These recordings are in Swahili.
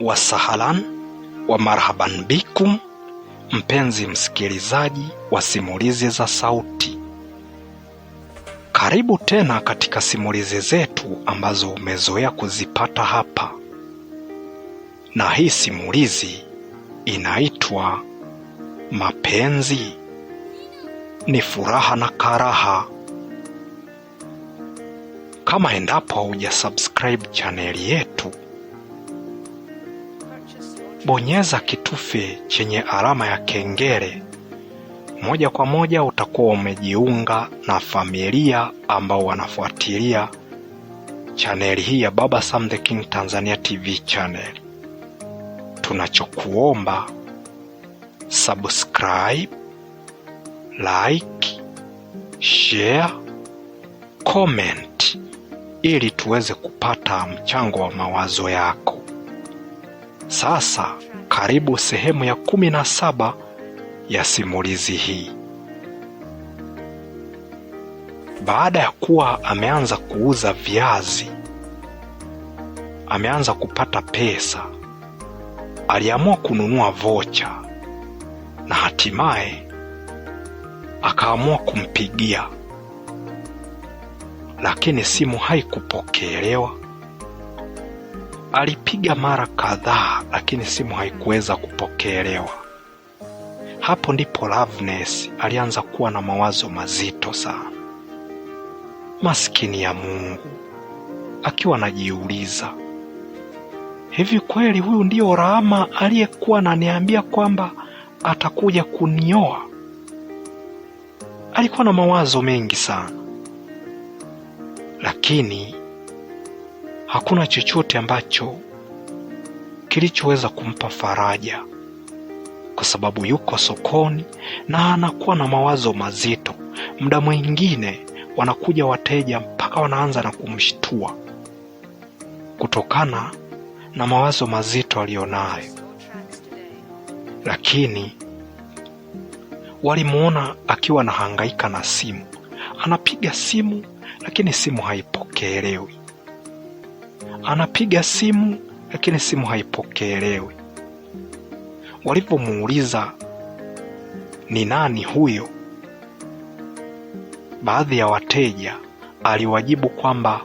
Wasahalan wa marhaban bikum, mpenzi msikilizaji wa simulizi za sauti, karibu tena katika simulizi zetu ambazo umezoea kuzipata hapa, na hii simulizi inaitwa Mapenzi ni Furaha na Karaha. Kama endapo hujasubscribe chaneli yetu Bonyeza kitufe chenye alama ya kengele. Moja kwa moja utakuwa umejiunga na familia ambao wanafuatilia chaneli hii ya Baba Sam the King Tanzania TV channel. Tunachokuomba subscribe, like, share, comment ili tuweze kupata mchango wa mawazo yako. Sasa karibu sehemu ya kumi na saba ya simulizi hii. Baada ya kuwa ameanza kuuza viazi, ameanza kupata pesa, aliamua kununua vocha na hatimaye akaamua kumpigia, lakini simu haikupokelewa. Alipiga mara kadhaa lakini simu haikuweza kupokelewa. Hapo ndipo Loveness alianza kuwa na mawazo mazito sana. Maskini ya Mungu, akiwa anajiuliza, hivi kweli huyu ndiyo Rahama aliyekuwa ananiambia kwamba atakuja kunioa? Alikuwa na mawazo mengi sana, lakini hakuna chochote ambacho kilichoweza kumpa faraja, kwa sababu yuko sokoni na anakuwa na mawazo mazito. Muda mwingine wanakuja wateja mpaka wanaanza na kumshtua kutokana na mawazo mazito aliyonayo, lakini walimuona akiwa anahangaika na simu, anapiga simu lakini simu haipokelewi. Anapiga simu lakini simu haipokelewi. Walipomuuliza ni nani huyo, baadhi ya wateja aliwajibu kwamba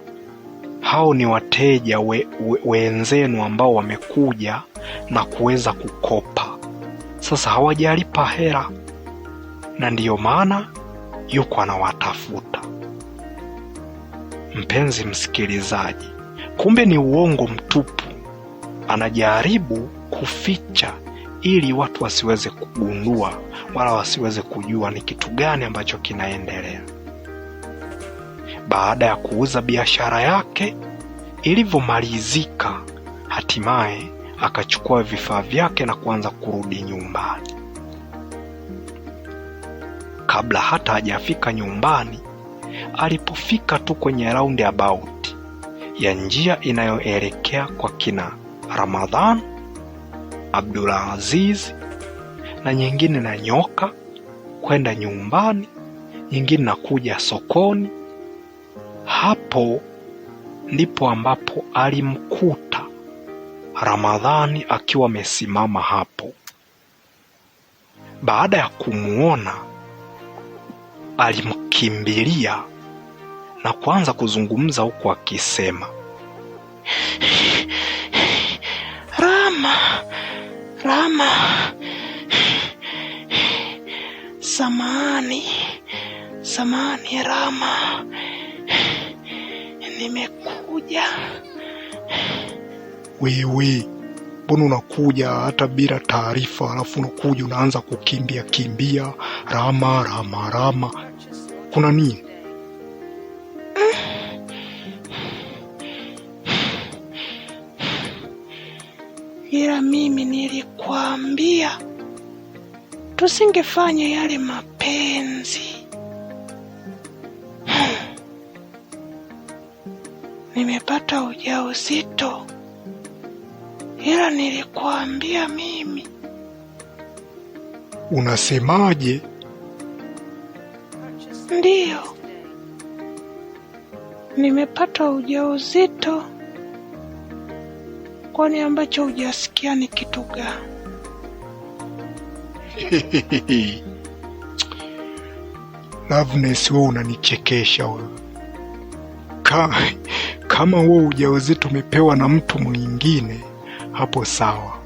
hao ni wateja we, we, wenzenu ambao wamekuja na kuweza kukopa. Sasa hawajalipa hela, na ndiyo maana yuko anawatafuta. Mpenzi msikilizaji, kumbe ni uongo mtupu, anajaribu kuficha ili watu wasiweze kugundua wala wasiweze kujua ni kitu gani ambacho kinaendelea. Baada ya kuuza biashara yake ilivyomalizika, hatimaye akachukua vifaa vyake na kuanza kurudi nyumbani. Kabla hata hajafika nyumbani, alipofika tu kwenye roundabout ya njia inayoelekea kwa kina Ramadhan, Aziz na nyingine na nyoka kwenda nyumbani, nyingine na kuja sokoni. Hapo ndipo ambapo alimkuta Ramadhani akiwa amesimama hapo. Baada ya kumwona, alimkimbilia na kuanza kuzungumza huku akisema, Rama, Rama, samani, samani Rama, nimekuja. Wewe mbona unakuja hata bila taarifa, alafu unakuja unaanza kukimbia kimbia, Rama, Rama, Rama, kuna nini? mimi nilikwambia tusingefanya yale mapenzi. Hmm. Nimepata ujauzito, ila nilikwambia mimi. Unasemaje? Ndiyo, nimepata ujauzito kwani ambacho hujasikia ni kitu gani? Loveness, wewe unanichekesha wewe. Ka, kama wewe ujauzito umepewa na mtu mwingine, hapo sawa.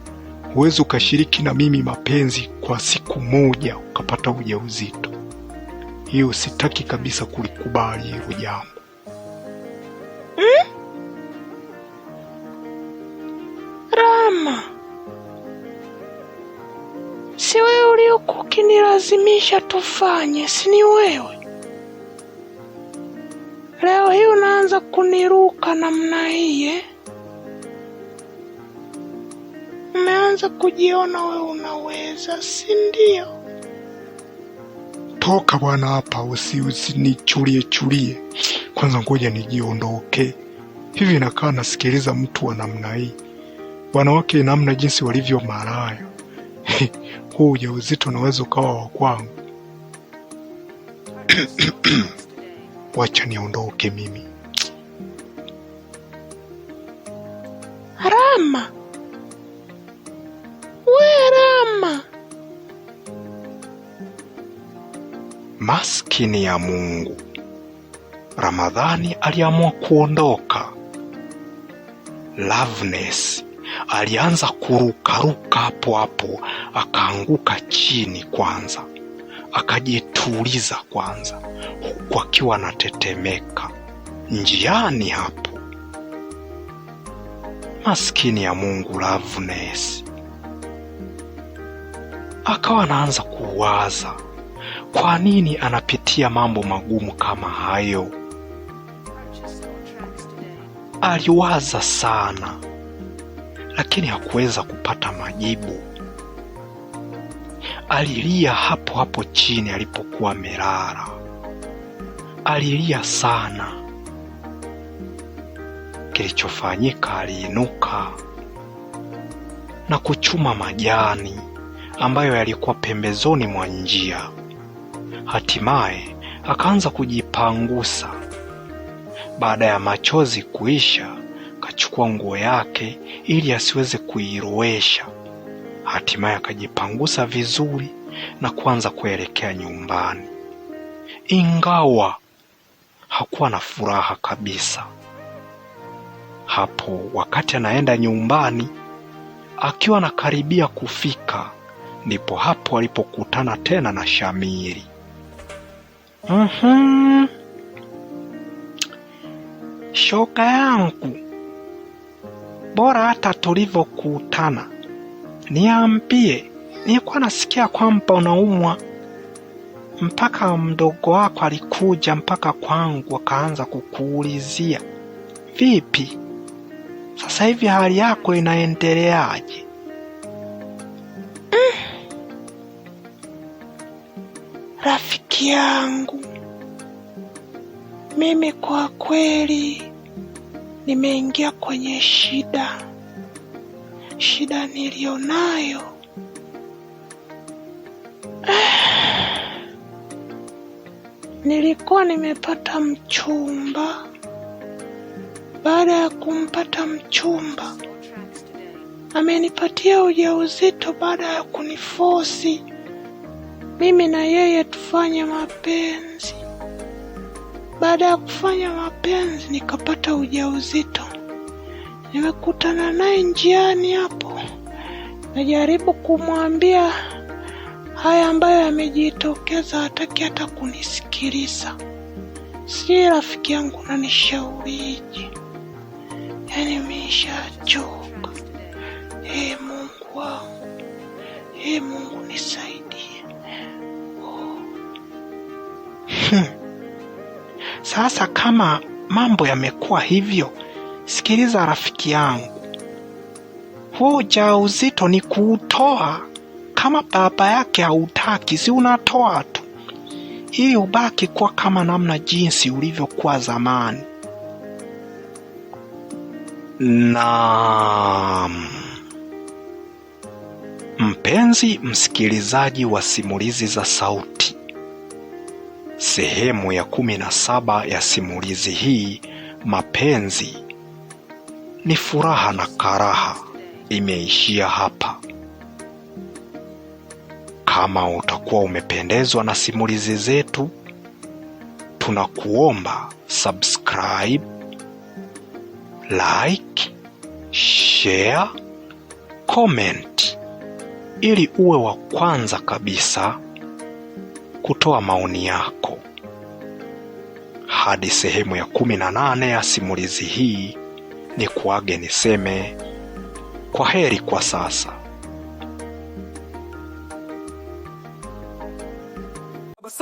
Huwezi ukashiriki na mimi mapenzi kwa siku moja ukapata ujauzito. Hiyo sitaki kabisa kulikubali hilo jambo. Rama, si wewe uliokuwa ukinilazimisha tufanye, si ni wewe? Leo hii unaanza kuniruka namna hii eh? Umeanza kujiona wewe unaweza, si ndio? Toka bwana hapa, usi usinichulie chulie kwanza, ngoja nijiondoke. Hivi nakaa nasikiliza mtu wa namna hii wanawake namna jinsi walivyo malaya huu ujauzito unaweza ukawa wa kwangu. Wacha niondoke mimi. Rama we Rama, maskini ya Mungu, Ramadhani aliamua kuondoka. Loveness Alianza kurukaruka hapo hapo, akaanguka chini kwanza, akajituliza kwanza, huku akiwa anatetemeka njiani hapo. Maskini ya Mungu Lavunesi akawa anaanza kuwaza kwa nini anapitia mambo magumu kama hayo. Aliwaza sana lakini hakuweza kupata majibu. Alilia hapo hapo chini alipokuwa amelala, alilia sana. Kilichofanyika, aliinuka na kuchuma majani ambayo yalikuwa pembezoni mwa njia. Hatimaye akaanza kujipangusa. Baada ya machozi kuisha, akachukua nguo yake ili asiweze kuirowesha. Hatimaye akajipangusa vizuri na kuanza kuelekea nyumbani, ingawa hakuwa na furaha kabisa. Hapo wakati anaenda nyumbani, akiwa anakaribia kufika, ndipo hapo alipokutana tena na Shamiri. mm -hmm. yangu bora hata tulivyokutana, niambie, nilikuwa nasikia kwamba unaumwa mpaka mdogo wako alikuja mpaka kwangu akaanza kukuulizia vipi, sasa hivi hali yako inaendeleaje? Mm. Rafiki yangu mimi kwa kweli nimeingia kwenye shida. Shida niliyonayo nilikuwa nimepata mchumba. Baada ya kumpata mchumba, amenipatia ujauzito baada ya kunifosi mimi na yeye tufanye mapenzi. Baada ya kufanya mapenzi nikapata ujauzito. Nimekutana naye njiani hapo, najaribu kumwambia haya ambayo yamejitokeza, hataki hata kunisikiliza. Si rafiki yangu nanishauriji, yaani mishachoka. Ee Mungu wangu, ee Mungu nisa Sasa kama mambo yamekuwa hivyo, sikiliza rafiki yangu, huo ujauzito ni kuutoa. Kama baba yake hautaki, si unatoa tu, ili ubaki kuwa kama namna jinsi ulivyokuwa zamani. Na mpenzi msikilizaji wa simulizi za sauti Sehemu ya kumi na saba ya simulizi hii, mapenzi ni furaha na karaha, imeishia hapa. Kama utakuwa umependezwa na simulizi zetu, tunakuomba subscribe, like, share, comment ili uwe wa kwanza kabisa kutoa maoni yako. Hadi sehemu ya kumi na nane ya simulizi hii, ni kuage niseme kwa heri kwa sasa.